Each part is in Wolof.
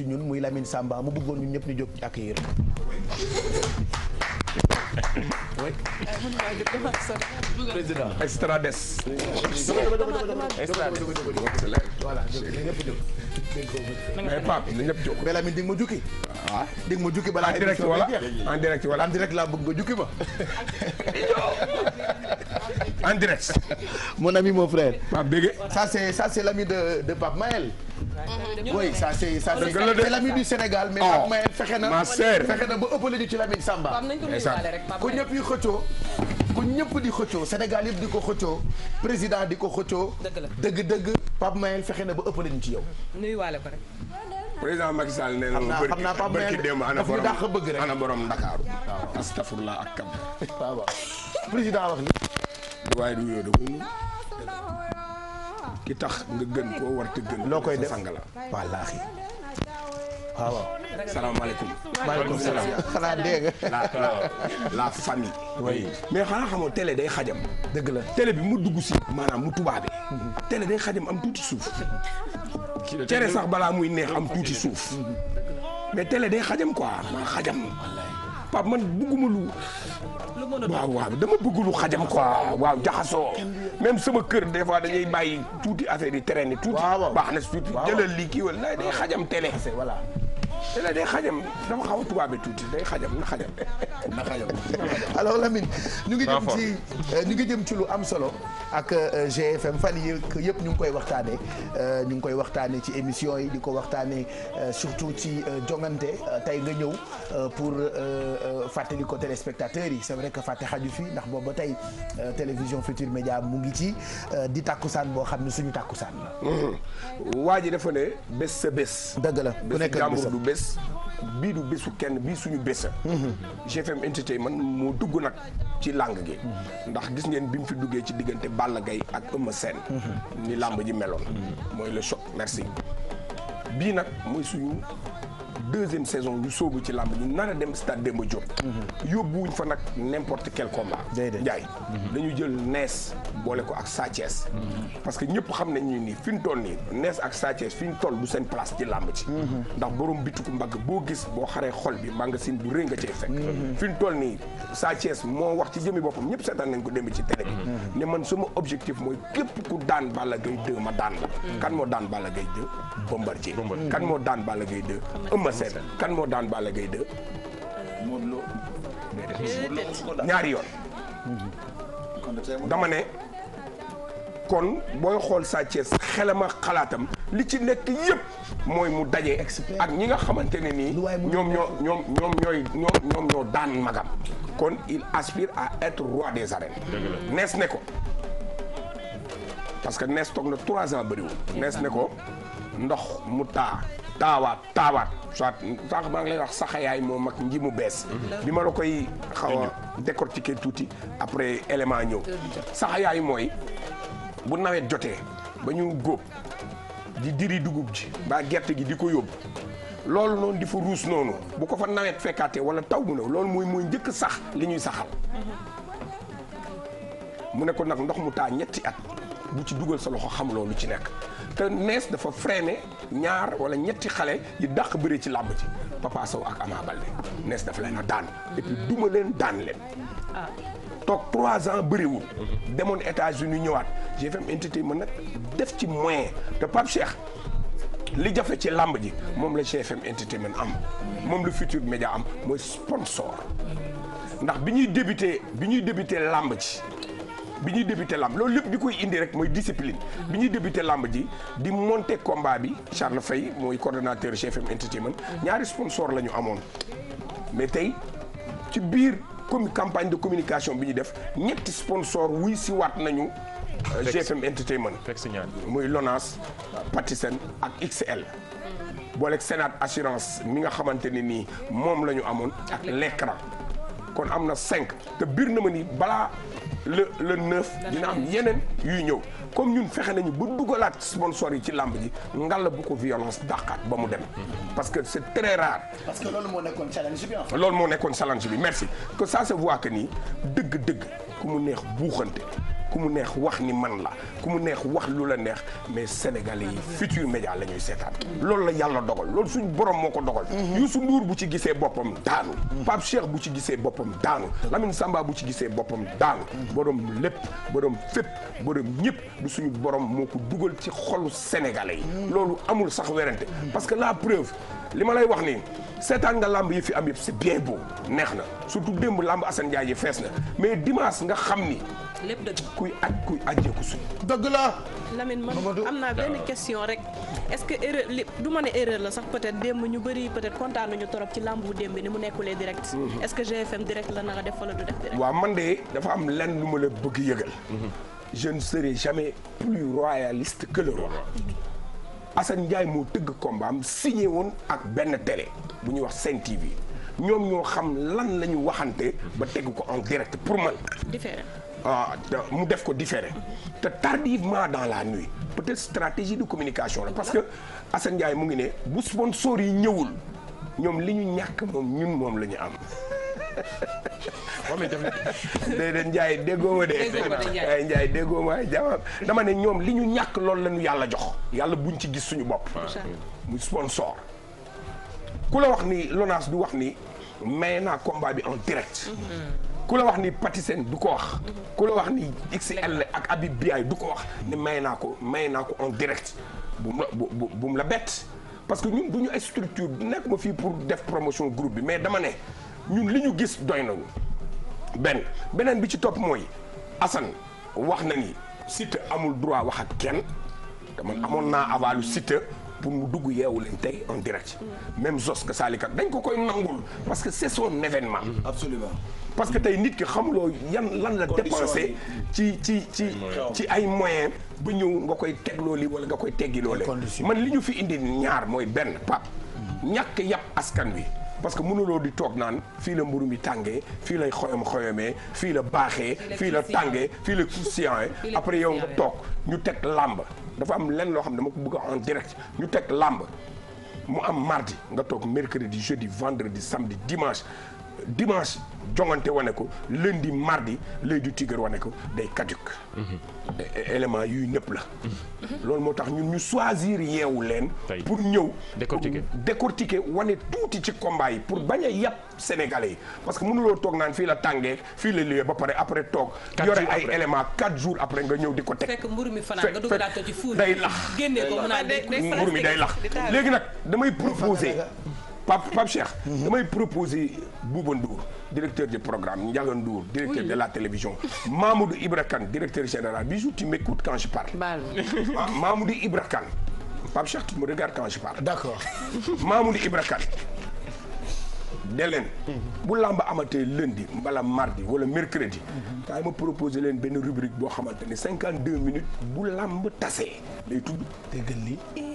ci ñun muy Lamine Samba mu bëggoon ñun ñëpp ñu jóg ci accueillir. oui. président. extra des. mais Pape na ñëpp jóg. mais Lamine di jukki. waaw ah. di jukki balaa. en direct wala en direct laa bëgg nga jukki ma. en direct. mon ami mon frère. Pape Bégué. ça c'est ça de de Pape Mm-hmm. oui ça c' est ça c' est l'ami du Sénégal. mais Pape oh, Maye fexe na. ma sœur fexe na ba ëppale ñu ci Lamine Samba. ku ñëpp yu xëccoo. ku ñëpp di xëccoo Sénégal yëpp di ko xëccoo président di ko xëccoo. dëgg la dëgg dëgg Pape Maye fexe na ba ëppale ñu ci yow. nuyuwaale ko rek. président Macky Sall nee na ma barki démb ana borom dàq bëgg rek ana borom Ndakaaru. waaw astafurlah ak Kampala. président wax ni. waaye du yooyu ki tax nga gën koo war te gën. loo koy def sang la wallaahi waaw waaw. salaamaaleykum. maaleykum salaam xanaa dégg la la famille. oui mais xanaa xamoo télé day xajam. dëgg la télé bi mu dugg si. maanaam mu tubaabe. télé day xajam am tuuti suuf. cere sax balaa muy neex am tuuti suuf. mais télé day xajam quoi. xajam. Pape man bëgguma lu. waaw waaw dama bëgg lu xajam quoi waaw jaxasoo. même sama kër des fois dañuy bàyyi tuuti affaire yi traîner tuuti. baax na tuuti jëlal lii kii wala day xajam télé. voilà. te eh, la day xajam dama xaw a tuuti day xajam na xajam na xajam alors Lamine ñu ngi jëm ci euh, ñu jëm ci lu am solo ak euh, GFM fan yi yëpp ñu ngi koy waxtaane euh, ñu ngi koy waxtaane ci émission yi di ko waxtaane surtout ci jongante tey nga ñëw pour fàttali ko téléspectateurs yi c'est vrai que fàtte xaju fi ndax booba tey télévision Futur Média mu ngi ci di tàkkusaan boo xam ne suñu tàkkusaan la waa ji dafa ne bés sa bés dëgg la ku nekk bés bii du bésu kenn bii suñu bés a GFM Entertainment moo dugg nag ci làng gi ndax gis ngeen bi mu fi duggee ci diggante bàll gay ak Eumeu Sène ni làmb ji meloon mooy le choc merci bii nag mooy suñu deuxième saison ñu sóobu ci làmb ñu nar a dem a Demba mhm. yóbbu wuñ fa nag n'importe quel combat. déedéet Ndiaye mhm. dañu jël nees boole ko ak Sa mhm. parce que ñëpp xam nañ ni fi ñu toll nii nees ak Sa Thiès fi ñu toll du seen place ci làmb ci. ndax borom bituku mbagg boo gis boo xaree xol bi magasin bu rëy nga cee fekk. fi ñu toll nii Sa moo wax ci jëmi boppam ñëpp seetaan nañ ko démb ci télé bi. ne man sama objectif mooy képp ku daan Balla Gaye 2 ma daan la. moo daan Balla Gaye 2 Bombardier. kan moo daan Balla Gaye 2 ma seetal kan moo daan Balla Gaye 2. Modou Lo ñaari yoon. dama ne kon booy xool Sa Thiès xelama xalaatam. li ci nekk yëpp mooy mu daje. ak ñi nga xamante ne nii. ñoom ñoo ñoom ñoom ñooy ñoom ñoom ñoo daan magam. kon il aspire à être roi des arènes. nees ne ko. parce que nees toog na trois ans bëriwul. nees ne ko ndox mu taa. taawaat taawaat soit sànq maa ngi lay wax saxayaay moo mag nji mu bees. Mhm. bi ma la koy xaw a décortiquer tuuti après élément ñëw. saxayaay mooy bu nawet jotee ba ñu góob di diri dugub ji ba gerte gi di ko yóbbu. loolu noonu di fa ruus noonu bu ko fa nawet fekkaatee wala taw bu ne loolu mooy muy njëkk sax li ñuy saxal mhm. mu ne ko nag ndox mu taa ñetti at bu ci dugal sa loxo xam loolu ci nekk te nees dafa freiné ñaar wala ñetti xale yi dàq bëri ci làmb ci Papa Sow ak Ama Baldé nees dafa leen a daan et duma leen daan leen ah. toog trois ans bëriwul demoon États-Unis ñëwaat GFM entité mën nag def ci moyen te Pape Cheikh li jafe ci làmb ji moom la GFM entertainment am moom la Futurs Médias am mooy sponsor ndax bi ñuy débuté bi ñuy débuté làmb ci bi ñuy débuté làmb loolu lépp di koy indi rek mooy discipline bi ñuy débuté làmb ji di monter combat bi Charles fay mooy coordonnateur chef FM entertainment ñaari sponsor la ñu amoon mais tey ci biir comme campagne de communication bi ñu def ñetti sponsor wuy si waat nañu euh, GFM entertainment muy Lonas Patisen ak XL booleeg Sénat assurance mi nga xamante ne nii moom la ñu amoon ak l'écran kon am na cinq te biir na ma ni balaa le le neuf dina am yeneen yuy ñëw comme ñun fexe nañu ba dugalaat sponsor yi ci làmb ji ngal bu ko violence dàqaat ba mu dem parce que c'est très rare parce que loolu moo nekkoon challenge bi loolu moo nekkoon challenge bi merci que ça se voit que nii dëgg-dëgg ku mu neex buuxante ku mu neex wax ni man la ku mu neex wax lu la neex mais sénégalais yi fit yu média la ñuy seetaan loolu la yàlla dogal loolu suñ borom moo ko dogal mhm. su Ndour bu ci gisee boppam daanu Pape Cheikh bu ci gisee boppam daanu Lamine Samba bu ci gisee boppam daanu mhm. borom lépp borom fépp borom ñëpp du suñu borom moo ko dugal ci xolu sénégalais yi mhm. loolu amul sax werante parce que la preuve li ma lay wax nii seetaan nga làmb yi fi am yëpp c'est bien beau neex na surtout démb lamb Assane yi fees na mais dimanche nga xam ni lépp dëgg kuy ak kuy ajjee ko suñ dëgg la Lamine man am naa benn question rek est-ce que erreur li du ma ne erreur la sax peut-être démb ñu bari peut-être kontaan nañu torop ci làmb bu démb ni mu nekkulee direct mhm. est-ce que GFM direct la naka def wala du def direct waaw man de dafa am lenn lu ma la bëgg yëgal mhm. je ne serai jamais plus royaliste que le roi mhm. Assane Ndiaye moo tëgg combat am signé woon ak benn tele bu ñuy wax Sen TV ñoom ñoo xam lan la ñu waxante ba teg ko en direct pour man. différent Ah, mu def ko différé te tardivement dans la nuit peut-être stratégie de communication la parce que Assane Ndiaye mu ngi ne bu sponsor yi ñëwul ñoom li ñu ñàkk moom ñun moom la ñu am moom itam déedéet Ndiaye déggoo ma de. Eh, Ndiaye déggoo ma dama ne ñoom li ñu ñàkk loolu la yàlla jox. yàlla buñ ci gis suñu bopp. mu sponsor. ku la wax ni LONASE du wax ni may naa combat bi en direct. Mm-hmm. ku la wax ni Patisen du ko wax. ku la wax ni XL ak Habib Biaye du ko wax ne may naa ko may naa ko en direct bu mu la bu bu la bett. parce que ñun du ñu ay structure nekk ma fii pour def promotion groupe bi mais dama ne ñun li ñu gis doy na nañu benn beneen bi ci topp mooy Assane wax na ni Siteu amul droit wax ak kenn te man amoon naa avalu Siteu. pour mu dugg yeewu leen tey en direct même Zos nga saalikat dañ ko koy nangul parce que c'est son événement mm-hmm. absolument parce que tey nit ki xamuloo yan lan la dépensé ci ci ci ci ay moyens ba ñëw nga koy tegloo li wala nga koy teggiloo leen man li ñu fi indi ñaar mooy benn pap mm-hmm. ñàkk yàpp askan wi parce que mënuloo di toog naan fii la mburu mi tàngee fii lay xoyom xoyomee fii la baaxee fii la tàngee fii la croustillant après yow nga toog ñu teg làmb dafa am lenn loo xam ne dama ko bëgg en direct ñu teg làmb mu am mardi nga toog mercredi jeudi vendredi samedi dimanche dimanche jongante wane ko lundi mardi l'œil du tigre wane ko day caduc mm-hmm. élément yuy ñëpp la mm-hmm. loolu moo tax ñun ñu choisir yeewu leen pour ñëw décortiquer décortiquer wane tuuti ci combat pour bañ a yàpp sénégalais yi parce que munuloo toog naan fii la tàngee fii la lieu ba pare après toog yore ay élément quatre jours après nga ñëw di ko teg fekk mburu mi fanaan nga dugalaat ko ci fuur day lax génnee mburu mi day lax léegi nag damay proposer Pape Pape Cheikh. damay proposer Bouba Ndour directeur du programme Ndiaga Ndour directeur de la télévision Mamoudou Ibra Kane directeur général Bijou tu m'écoutes quand je parle. Mamoudou Ibra Kane Pape Cheikh tu me regardes quand je parle. d'accord Mamoudou Ibra bu làmb amate lundi mbala mardi wala mercredi kaay ma proposé leen benn rubrique boo xamante ne cinquante deux minutes bu làmb tasee lay tudd déggal lii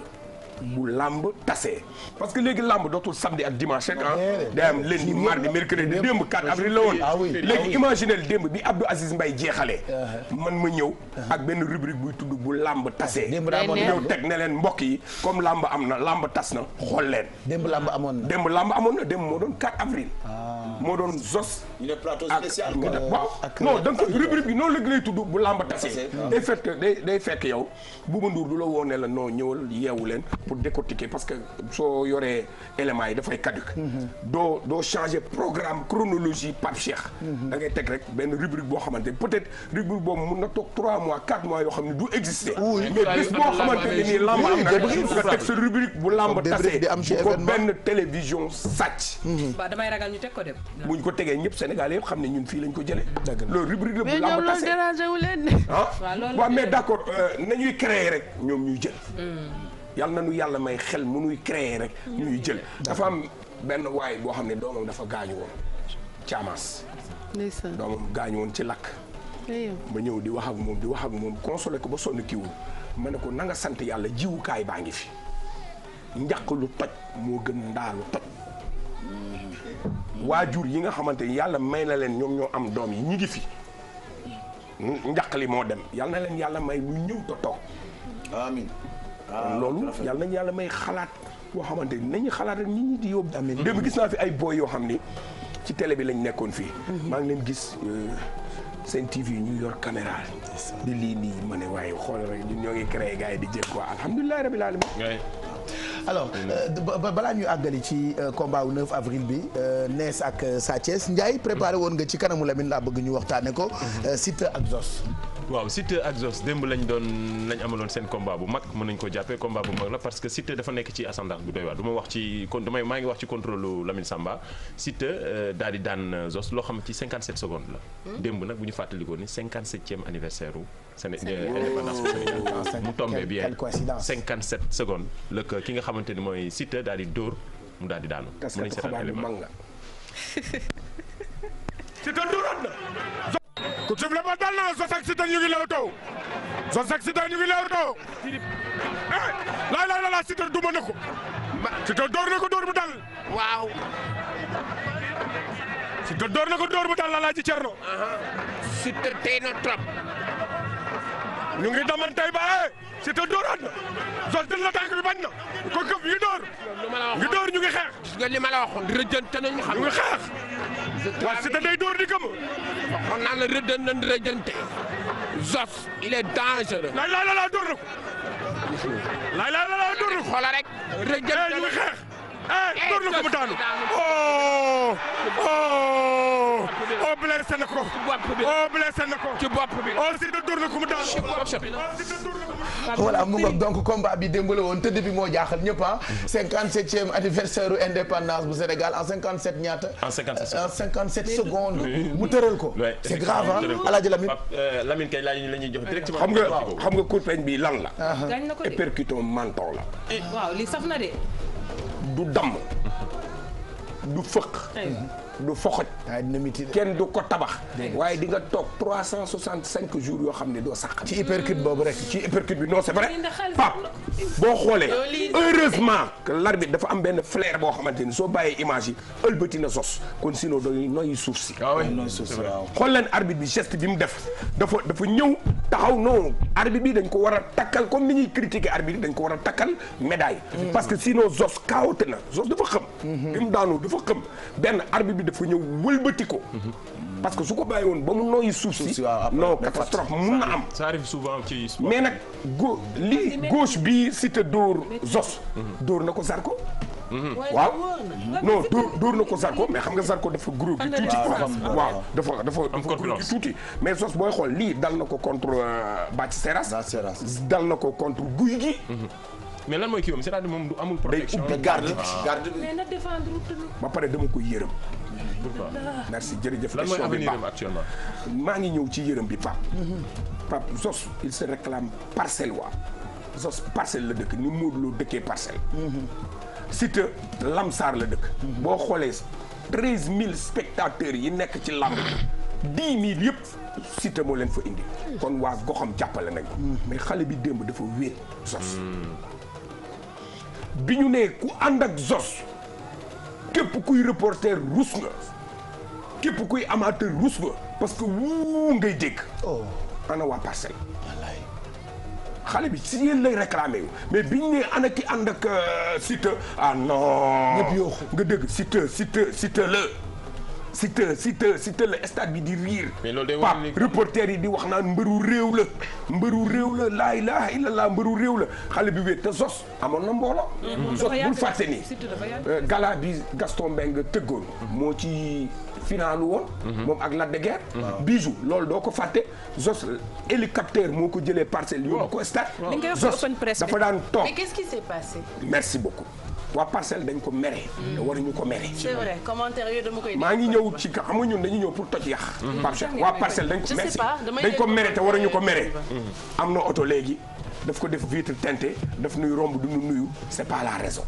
bu làmb tasee parce que léegi làmb dootul samedi ak dimanche rek ah eh, day am lundi mardi mercredi démb 4 avril la woon ah ah léegi imaginel démb bi Abdou Aziz Mbaye jeexalee uh-huh. man ma ñëw uh-huh. ak benn rubrique buy tudd bu làmb tasee ah, ñëw teg ne leen mbokk yi comme làmb am na làmb tas na xool leen démb làmb amoon na démb amoon na démb moo doon 4 avril moo doon zos ñu ne plateau spécial quoi ak non donc rubrique bi noonu la lay tudd bu làmb tasee day fekk day day fekk yow Bouba Ndour du la woo ne la non ñëwal yeewu leen pour décortiquer parce que soo yoree éléments yi dafay caduc mm-hmm. doo doo changer programme chronologie Pape Cheikh mm-hmm. da ngay teg rek benn rubrique boo xamante peut-être rubrique boobu mun na toog trois mois quatre mois yoo xam ne du exister mais bis boo xamante ne nii làmb am na nga teg sa rubrique bu ko benn télévision sàcc mm-hmm. ba damay ñu teg ko dem buñ ko tegee ñëpp Sénégal yëpp xam ne ñun fii lañ ko jëlee. loolu rubrique la bu làmb tase ah? mais ñoom leen ah waaw mais d' accord euh, nañuy créer rek ñoom ñuy jël. Hmm. yàlla na nu yàlla may xel mënuy créer rek. ñuy jël dafa am benn waay boo xam ne doomam dafa gaañu woon caamaas. ndeysaan doomam gaañu woon ci lakk. ma ñëw di wax ak moom di wax ak moom consolé ko ba sonn kiiwul ma ne ko nanga sant yàlla jiwukaay baa ngi fi njaq lu toj moo gën ndaa lu toj hmm. waajur yi nga xamante ni yàlla may na leen ñoom ñoo am doom yi ñi ngi fi njaq li moo dem yàlla leen yàlla may lu ñëw toog amiin ah, loolu yàlla nañu yàlla may xalaat boo xamante ni nañu xalaat rek nit ñi di yóbbu. amiin gis naa fi ay boy yoo xam ni ci télé bi lañ nekkoon fii. Mhm. maa ngi leen gis euh, seen TV ñu yor caméra. di lii nii ma ne waaye xool rek ñun ñoo ngi créé gars yi di jël quoi alhamdulilah rabil alamin alors euh, balaa ñuy àggali ci euh, combat wu 9 avril bi euh, Nees ak Sa Thiès Ndiaye préparé woon nga ci kanamu Lamine laa bëgg ñu waxtaane ko mhm. Siteu ak Zos waaw Siteu ak Zos démb lañ doon lañ amaloon seen combat bu mag mën nañ ko jàppee combat bu mag la parce que Siteu dafa nekk ci ascendance bu doy waar du ma wax ci kon damay maa ngi wax ci contrôle Lamine euh, daal di daan euh, Zos loo xam ci 57 secondes la. Hmm? démb nag bu ñu fàttalikoo ni 57e anniversaire ru. Sénégal euh, indépendance bu Sénégal ah, mu tombé bien 57 secondes la que ki nga xamante ni mooy Siteu daal di dóor mu daal di daanu. mën nañu seetaan la Kutubu la ba dal na Zoss ak Siteu ñu ngi lewtoo Zoss ak Siteu ñu ngi lewtoo laay laay la la Siteu duma na ko Siteu door na ko door bu dal waaw Siteu door na ko door bu dal la laa ji Cerno Siteu ñu ngi damantey ba si ta dóoraat na zoltan la tànk bañ na ko këf ngi dóor ñu ngi xeex gis li ma la waxoon rëjante nañu xam ñu ngi xeex waaw si ta day dóor di gëma waxoon naa la rëdan nañ rëjante zos il est dangereux laaj laa la laa dóor na ko laaj laa la laa dóor na ko xoola eh, ñu ngi xeex eh, eh dóor na ko daanu o blessé na ko o oh, blessé na ko ci bopp bi o si da dóor na ko mu daal oh, voilà mu ngoog donc combat bi démb la woon tëdd bi moo jaaxal ñëpp ah 57e anniversaire u indépendance bu Sénégal en 57 ñaata en 57 secondes mu tëral ko c'est grave ah alaaji Lamine euh, Lamine kay laaj la ñuy jox directement xam nga xam nga coup de poing bi lan la ah, ah. et percuton menton la eh, waaw li saf na de du damm mm-hmm. du fëq du foxoj kenn du ko tabax waaye di nga toog trois cent soixante cinq jours yoo xam ne doo sax ci hypercute boobu rek ci hypercute bi non c'est vrai Pape boo xoolee heureusement que l'arbitre dafa am benn flair boo xamante ni soo bàyyee image yi na sos kon sinon doy noyyi suuf si ah xool leen arbitre bi geste bi mu def dafa dafa ñëw taxaw non arbitre bi dañ ko war a takkal comme ni ñuy critiquer arbitre bi dañ ko war a takkal médaille parce que sinon zos kaawate na zos mhm. mu daanu dafa xam benn arbitre bi dafa ñëw wëlbati ko. parce que su ko bàyyi woon ba mu nooyu suuf si. non catastrophe mun na am. ça arrive souvent ci mais nag go li gauche bi Siteu dóor Zos. dóor na ko Zarko. Mhm. waaw non dóor dóor na ko Zarko mais xam nga Zarko dafa groupe bi tuuti. waaw dafa dafa dafa groupe tuuti. mais Zos booy xool lii dal na ko contre euh, Bathie Seras. dal na ko contre Guy gi. Mhm. mais lan mooy kii moom cest à moom du amul protection. day ubbi garde ah. ba pare dama ko yërëm. pourquoi merci jërëjëf. lan mooy avenir am actuellement maa ngi ñëw ci yërëm bi Pape. Pape Zos il se réclame parcellois Zos parcelle la dëkk ni Modou Lo dëkkee parcelle. Siteu Lamsar la dëkk. boo xoolee treize mille spectateurs yi nekk ci lamb dix mille yëpp Siteu moo leen fa indi. kon waa goxam jàppale nag ko. mais xale bi démb dafa wéet Zos. Hmm. bi ñu nee ku ànd ak Zos. képp kuy reporter rus nga képp kuy amateur rus nga parce que wuu ngay dégg oh. ana waa parcelle xale bi si yéen lay réclamé wu mais biñ ne ana ki ànd ak euh, Siteu ah non nga dégg Siteu Siteu Siteu la Siteu si Siteu la stade bi di riir. mais loolu Pape reporter yi di wax naan wu réew la. wu réew la laa la illallah mbëru réew la xale bi wéet te Zos amoon na mbooloo. Zos mm-hmm. bul fàtte ni. Euh, gala bi Gaston Mbengue tëggoon. Mm-hmm. moo ci finaalu woon. Mm-hmm. moom ak Lac de Guiers. bijou loolu doo ko fàtte Zos hélicoptère moo ko jëlee parcelle. yóbbu ko stade. Zos dafa daan toog mais qu'est-ce qui s'est passé. merci beaucoup. waa parcelle dañ ko mere. te mm. waruñu ko mere. c'est vrai koy. maa ngi ñëw ci xam nga ñun dañu ñëw pour toj yàq. Mm-hmm. Pape Cheikh waa parcelle dañ ko merci dañ ko mere te waruñu ko mere. am na oto léegi. daf ko def vitre teintée daf nuy romb du nu nuyu c'est pas la raison.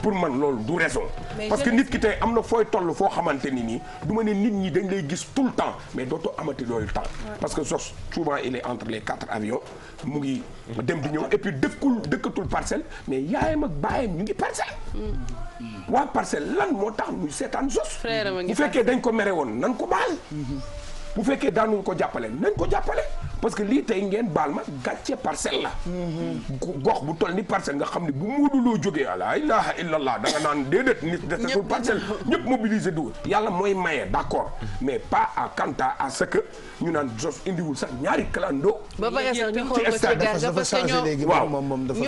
pour man loolu du raison. parce que nit ki tey am na fooy toll foo xamante ni nii du ma ne nit ñi dañ lay gis tout le temps mais dootoo amati loolu temps. parce que sos souvent il est entre les quatre avions mu ngi. dem di ñëw et puis dëkkul dëkkatul parcelle mais yaayam ak baayam ñu ngi parcelle. Mm. waa parcelle lan moo tax muy seetaan sos. bu fekkee dañ ko mere woon nan ko baal. Mm-hmm. bu fekkee daanuñ ko jàppale nañ ko jàppale. parce que lii tey ngeen baal ma gàcce parcelle la gox bu toll ni parcelle nga xam ne bu muuduloo jógee àla ilaha illallah da nga naan déedéet ñëpp mobiliser du yàlla mooy maye d'accord mais pas à quanta à ce que ñu naan jos indiwul sax ñaari clando ba pare sax ñu xool ko que ñoo moom moom dafa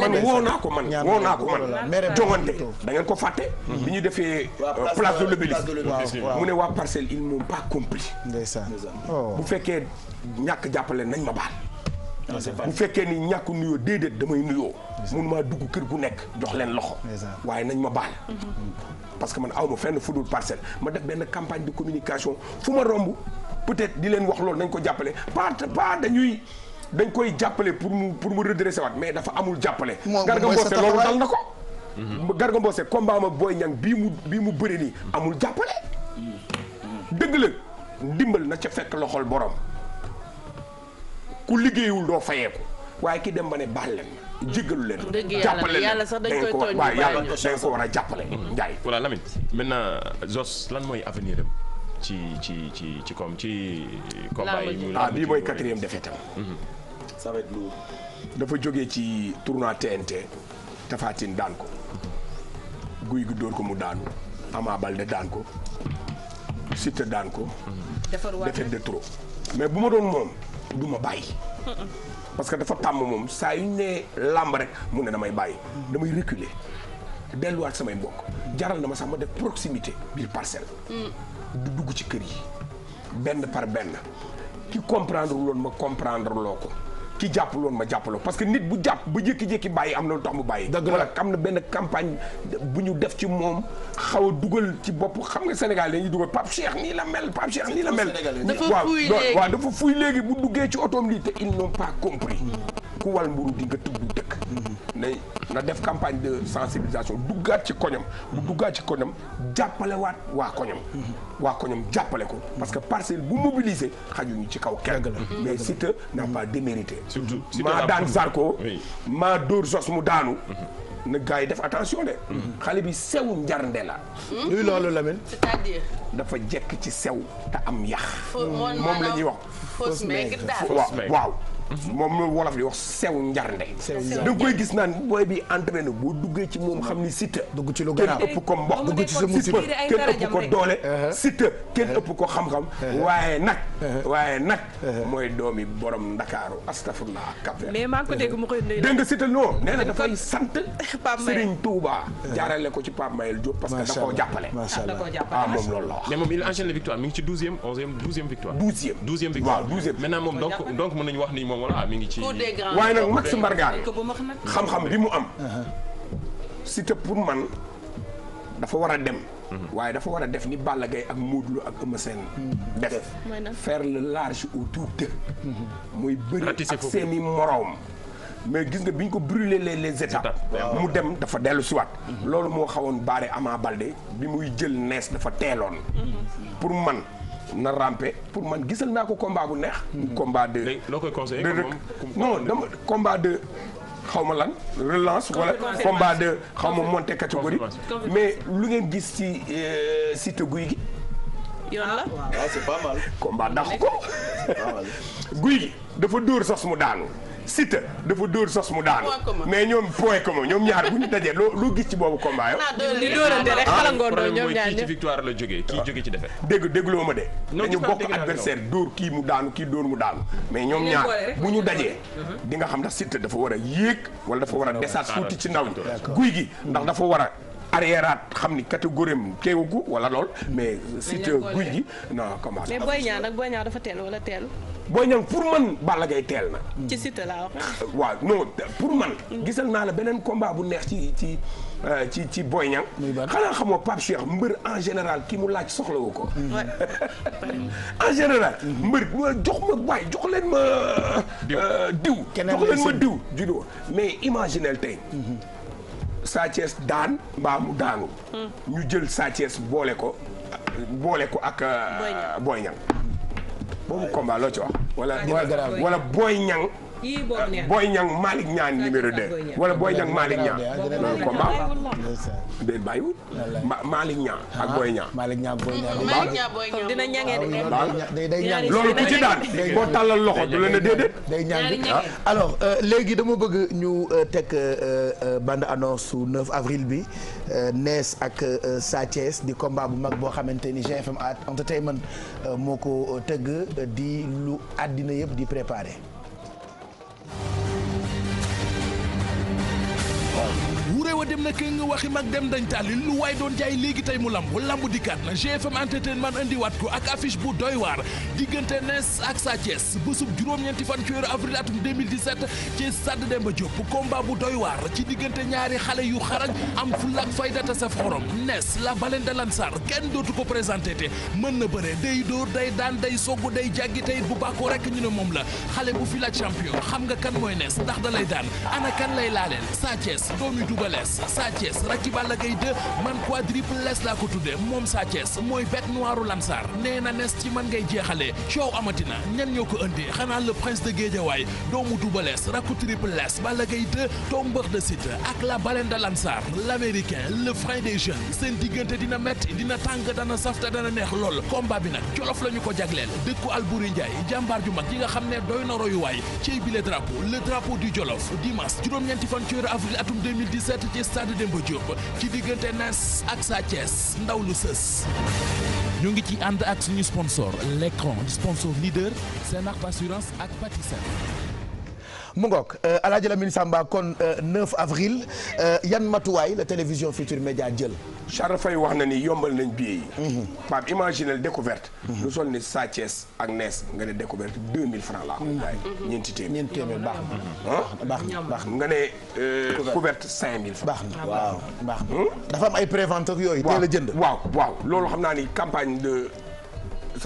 man woo ko man woo ko man woo ko man jongante da ngeen ko fàtte. Mhm. bi ñu defee euh, place de l'Obélisque mu ne waa parcelle ils n'ont pas compris. ndeysaan oh. bu fekkee ñàkk jàppale nañ ma baal. Ah, bu fekkee ni ñàkk nuyoo déedéet damay nuyoo. mun maa dugg kër gu nekk jox leen loxo. waaye nañ ma baal. Mhm. parce que man aw ma fenn fudul parcelle ma def benn campagne de communication fu ma romb peut-être di leen wax loolu nañ ko jàppale pas pas dañuy. dañ koy jàppale pour mu pour mu redresser waat mais dafa amul jàppale. garga mboose loolu dal na ko. Mm-hmm. Garga Mbossé combat ma Boy Niang bii mu bii mu bëri nii mm-hmm. amul jàppale mm-hmm. dëgg la ndimbal na ca fekk loxol borom ku liggéeyul doo fayeeku waaye ki dem ba ne baal leen jéggalu leen jàppale yàlla sax dañ koy tooñ a jàppale Ndiaye voilà Lamine maintenant Zos lan mooy avenir am ci ci ci ci comme ci combat yi ah bii mooy quatrième défaite am ça va être dafa jógee ci tournoi TNT Tapha daan ko guy gi dóor ko mu daanu Ama Baldé daan ko Siteu daan ko défaite de trop mais bu ma doon moom du ma bàyyi parce que dafa tàmm moom saa yu ne làmb rek mu ne damay bàyyi damay reculer delluwaat samay mbokk jaral na ma sax def proximité biir parcelle du dugg ci kër yi benn par benn ki comprendre loon ma comprendre loo ko ki jàppul woon ma jàppaloo parce que nit bu jàpp ba jékki-jékki bàyyi am na lu tax mu bàyyi. dëgg la am na benn campagne bu ñu def ci moom xaw dugal ci bopp xam nga Sénégal dañuy dugal Pape Cheikh nii la mel Pape Cheikh nii la mel. waaw waaw dafa fuy léegi bu duggee ci otoom lii te ils n'ont pas compris hmm. ku wal mburu di nga tudd ne na def campagne de sensibilisation duggaat ci koñam bu duggaat ci koñam jàppale waat waa koñam waa koñam jàppale ko parce que parcelle bu mobiliser xajuñu ci kaw kenn mais Siteu n'a pas démérité surtout maa daan sarko maa dóor sos mu daanu mhm. na gars yi def attention de mhm. xale bi sew njarnde la mhm. luy loolu Lamine cest dafa jekk ci sew te am yax moom la ñuy wax fausse maigre waaw waaw moom la wolof di wax sew njarnde da nga koy gis naan booy bi entraîné boo duggee ci moom xam ni Siteu dugg ci lu gën ëpp ko mboq dugg ci sa musiba kenn ëpp ko doole uh-huh. Uh-huh. Siteu kenn ëpp ko xam-xam uh-huh. waaye nag waaye nag mooy doomi borom ndakaaru astafurlah ak kafe mais maa ngi ko dégg mu koy nuyu dégg na dafay sant Serigne Touba jaarale ko ci Pape Mayel Diop parce que da koo ah, jàppale ah moom loolu la wax mais moom il enchaîne les victoires mi ngi ci douzième onzième douzième victoire moom wala ah, mi ngi ci. waaye nag Max Mbargane xam-xam bi mu am. Uh-huh. Siteu pour man dafa war a dem. Uh-huh. waaye dafa war a def ni Balla Gaye ak Modou Lo ak Eumeu Sène mm-hmm. def faire le large autour d'eux mm-hmm. muy bëri ak seeni moroom mais gis nga bi ñu ko brûler les les étapes mu dem dafa dellu siwaat mm-hmm. loolu moo xawoon baare Ama Baldé bi muy jël nees dafa teeloon pour man na rampe pour man gisal naa ko combat bu neex. Hmm. combat de loo koy conseillé non dama combat de xaw ma lan relance wala combat de xaw ma montée mais lu ngeen gis ci euh, site guy gi. yoon la waaw ah, ko guy gi dafa dóor sas mu daanu. Siteu dafa dóor sos mu daanu. mais ñoom point commun ñoom ñaar bu ñu dajee loo loo gis ci boobu combat yo li dóorante rek xalangoon noonu ñoom ñaar la jógee kii jóge ci defet dégg dégloo ma de. dañu bokk adversaire dóor kii mu daanu kii dóor mu daanu. mais ñoom ñaar bu ñu dajee. Mhm. dinga xam ndax Siteu dafa war a yéeg wala dafa war a desaat tuuti ci ndaw guy gi ndax dafa war a arriéraat xam ni catégorie am teewagu wala lool mais. site guy gi non commencé. Boy Niang nag Boy Niang dafa teel walla teel. Boy Niang pour man Balla Gaye teel na. ci site laa wax. Euh, waaw pour man. gisal naa la beneen combat bu neex ci ci euh, ci ci Boy Niang. xanaa xamoo Pape Cheikh mbër en général ki mu laaj soxlawu ko. en général. Mhm. mbër jox ma waay jox leen ma. diw euh, jox leen ma diw judo mais imaginel tey. Mhm. Sa daan mbaa mu daanu. ñu jël Sa boole ko boole ko ak. Euh, Boy Niang boobu combat loo ci wax. wala booy ñaŋ booy Niang Malick ñaan numéro 2. wala Boy Niang Malick Niang. ak ah, Boy Niang. Malick Niang Boy Niang. dina ñange loolu ku ci daan boo tàllal loxo du la ne déedéet. day ñange alors euh, léegi dama bëgg ñu euh, teg euh, bande annonce su 9 avril bi Nees ak Sa di combat bu mag boo xamante ni GFM entertainment moo ko tëgg di lu àddina yëpp di préparé. ma dem na këng waxi mag dem dañ tàlli lu waay doon jaay léegi tey mu lamb lamb dikkaat na GFM entertainment indiwaat ko ak affiche bu doy diggante Ness ak Sa Thiès bésub juróom-ñeenti fan ci weeru avril atum 2017 ci stade Demba Diop combat bu doy ci diggante ñaari xale yu xarañ am fulla ak fayda te saf xorom Ness la baleine de kenn dootu ko présenté te mën na bëre day dóor day daan day sogg day jàggi tey bu bàkkoo rek ñu ne moom la xale bu fi la champion xam kan mooy Ness ndax da lay daan ana Sa Thiès Sa Thiès rakki Balla Gaye 2 man quadruple lees laa ko tudde moom Sa mooy bête noiru lamsaar nee na nes ci man ngay jeexalee coow amatina ñan ñoo ko indi xanaa le prince de Guédiawaye doomu Double Less rakku triple Less Balla Gaye 2 tombeur de site ak la baleine de lamsaar l'américain le frein des jeunes seen diggante dina metti dina tàng dana safta dana neex lool combat bi nag jolof la ko jagleel dëkku Alboury Ndiaye jàmbaar ju mag yi nga xam ne do na stade Demba Diop ci diggante Nes ak Sa Thiès ndaw lu sës ñu ngi ci ànd ak suñu sponsor l'écran di sponsor leader Sénac passurance ak Patisen mu ngoog El euh, Hadj Lamine Samba kon 9 euh, avril euh, yan matuwaay la télévision Futur Média jël. Charles Faye wax na ni yombal nañ billet yi. Mhm. Pape imaginel découverte. Mhm. lu sol ni Sa Thiès ak Nees nga ne découverte 2000 francs laa. Mhm. ñeenti téeméer ñeenti téeméer baax na. baax na baax na nga ne. couverte 5000 francs. baax na waaw baax na. Hmm? dafa am ay prévente yooyu. teel a jënd waaw waaw loolu xam naa ni campagne de.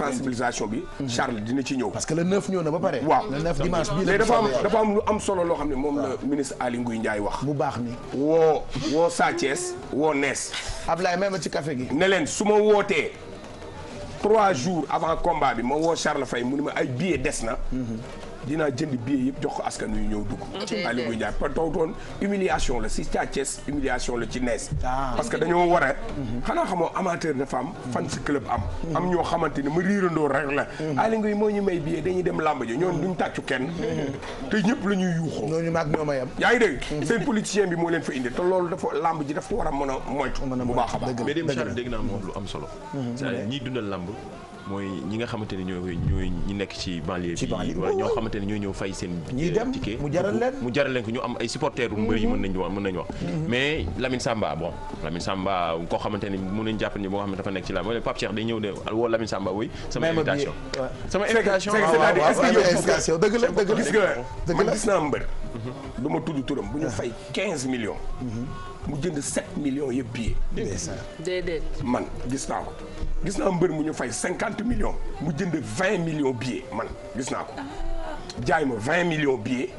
sensibilisation bi. Mhm. Charles dina ci ñëw. parce que le 9 ñëw na ba pare. waaw le 9 dimanche bii la dafa am dafa am lu am solo loo xam ne moom la ministre Aly Ngouille wax. bu baax mi woo woo Sa woo Nees. Ablaye ma ci kafe gi. ne leen su ma wootee trois jours avant combat bi ma woo Charles fay mu ne ma ay billets des na. Mhm. dinaa jënd billet yëpp jox ko askan wi ñëw dugg. Aly Ngouille Ndiaye par taw toon humiliation la si Sa humiliation la ci nees. Ah. parce que dañoo war a. xanaa xamoo amateur dafa am. fan si club am. Mm-hmm. am ñoo xamante ni ma riirandoo rek la. Mm-hmm. Aly Ngouille moo ñu may billet dañuy dem làmb ji ñoon mm-hmm. duñ tàccu kenn. te ñëpp la ñuy yuuxoo. ñooñu maag ñoo may am. yaa ngi dégg seen politicien bi moo leen fa indi te loolu dafa làmb ji dafa war a mën a moytu. bu baax a baax mais dégg naa moom lu am solo. cest à dundal làmb mooy ñi nga xamante ne ñooy ñi nekk ci banlieue bi waaw ñoo xamante ne ñooy ñëw fay seen eh, ticket mu jaral leen mu jaral leen ko ñu am ay supporters bu mbër mm-hmm. yi mën nañu wax mën nañu wax mm-hmm. mais Lamine Samba bon Lamine Samba koo xamante ne mën nañu jàpp ni boo xam ne dafa nekk ci la wala Pape Cheikh day ñëw de woo Lamine Samba oui sama invitation sama invitation ah, c'est-à-dire dëgg la dëgg la gis nga man gis naa mbër mm-hmm. du ma tudd turam bu ñu ah. fay 15 millions mu jënd 7 millions yëpp billet déedéet man gis naa gis naa mbër mu ñu fay cinquante million mu jënd vingt millions billets man gis naa ko jaay ma vingt millions billets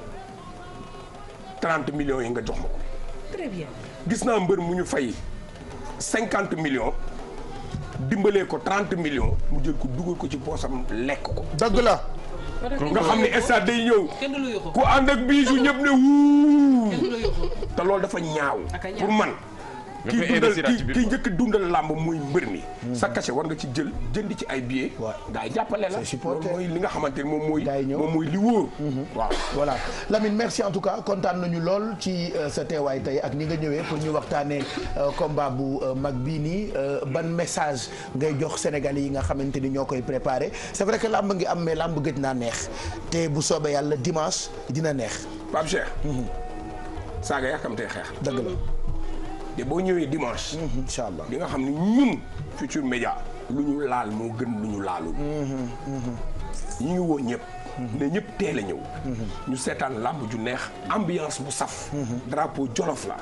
trente millions yi nga jox ma ko. gis naa mbër mu ñu fay cinquante millions dimbalee ko trente million mu jël ko dugal ko ci poosam lekk ko. dëgg la. nga xam ne stade day ñëw ku ànd ak biisu ñëpp ne wuu. te loolu dafa ñaaw pour man. kii dundal kii njëkk dundal làmb muy mbër mi hmm. sa cachet war nga ci jël jënd ci ay billets gars yi jàppale la loolu mooy li nga xamante ne moom mooy moom mooy li wóor hmm. waaw voilà Lamine merci en tout cas kontaan nañu lool ci euh, sa teewaay tey ak ni nga ñëwee pour ñu waxtaanee euh, combat bu euh, mag bii nii ban message ngay jox sénégal yi nga xamante ni ñoo koy préparé c'est vrai que làmb ngi am mais làmb gëj naa neex te bu soobee yàlla dimanche dina neex Pape Cheikh nga hmm. yàkkamtee xeex dëgg la te boo ñëwee dimanche. Mhm, incha allah di nga xam ne ñun Futurs Médias lu ñu laal moo gën lu ñu laalul. Mhm, mhm. ñu ngi woo ñëpp. mais ñëpp teel a ñëw ñu seetaan làmb ju neex ambiance bu saf drapeau Jolof la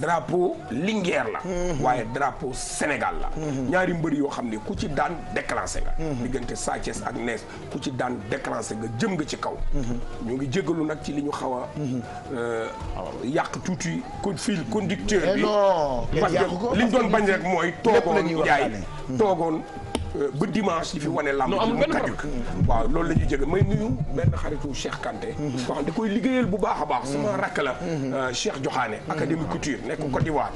drapeau Linguère la waaye drapeau Sénégal la ñaari mbër yoo xam ne ku ci daan déclenché nga diggante Sa Thiès ak Nees ku ci daan déclenché nga jëm nga ci kaw ñu ngi jégalu nag ci li ñu xaw a euh, yàq tuuti kon fil conducteur bi eh liñ doon bañ rek mooy toogoon jaay toogoon Euh, ba dimanche li fi wane lamb ji mu kajug waaw loolu la ñuy jëge may nuyu benn xaritu Cheikh Kanté wax mhm. da koy liggéeyal bu baax a baax sama mhm. rakk la mhm. euh, Cheikh Joxaane académie couture nekk Côte d'Ivoire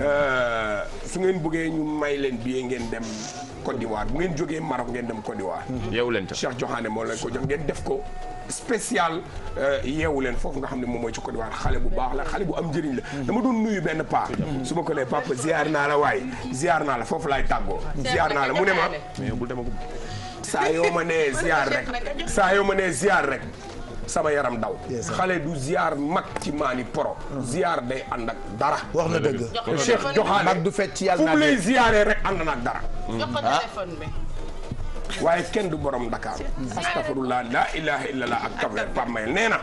euh, su ngeen bëggee ñu may leen billet ngeen dem Côte d'Ivoire bu ngeen jógee Maroc ngeen dem Côte d'Ivoire yow leen Cheikh Joxaane moo la ko jox ngeen def ko spécial euh, yeewu leen foofu nga xam ne moom mooy ci Côte d'Ivoire xale bu baax la xale bu am njëriñ la mm. dama doon nuyu benn paa su ma ko nee papa ziar naa la waaye ziar naa la foofu laay tàggoo ziar naa la mu ne ma saa yoo ma nee rek saa yoo ma nee ziar sama yaram daw xale du ziar mag ci maani poro mm. ziar day ànd ak dara wax na dëgg Cheikh joxaale mag du fecc yàlla fu mu lay ziaree dara waaye kenn du borom Dakar. astafurlah laa ilaha illallah ak kafe Pape Mayel nee na.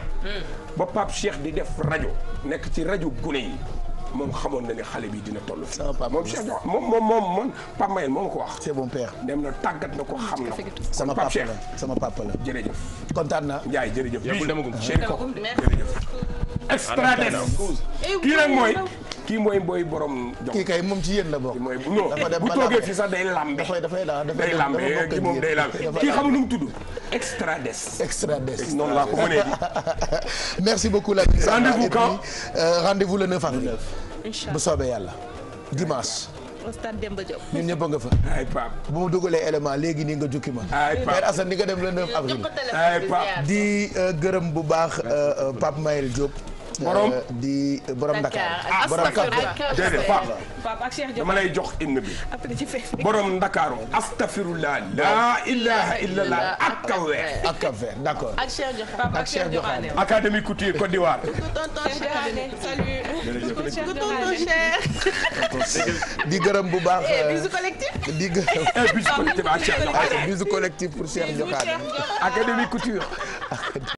ba Pape Cheikh di def rajo nekk ci rajo gune yi. moom xamoon na ne xale bi dina toll fii. moom Cheikh Diakhoum moom moom moom ko wax. c'est bon père. dem na tàggat na ko xam na ko. sama papa la sama papa la jërëjëf. kontaan na Ndiaye jërëjëf. yëpp demagum Cheikh ko jërëjëf. extra des kii nag mooy. kii mooy mooy borom. jox kii kay moom ci yéen la bokk. mooy non bu toogee fii sax day lambe. dafay dafay day lambe kii moom day lambe kii xam nu mu tudd. extrades. extrades noonu laa ko mënee di. merci beaucoup Lamine Samba. rendez-vous quand euh, rendez-vous le 9 avril. bu soobee yàlla dimanche. stade Demba Diop. ñun ñëpp nga fa. ay Pape. bu mu dugalee élément léegi nii nga jukki ma. ay Pape Père ni nga dem la 9 avril. ay Pape di euh, gërëm bu baax euh, Pape Mayel Diop. borom euh, di borom Dakar. ah borom Dakar déedéet jox hymne bi. borom Dakar astafirullah la ilaha illallah ak kawe. ak kawe d'accord. ak Cheikh Jokalante ak Cheikh Jokalante. académie couture Côte d'Ivoire. gërëm bu baax. Eh, euh, bisu collectif. di gërëm eh, bisu collectif ak Cheikh Jokalante. bisu couture.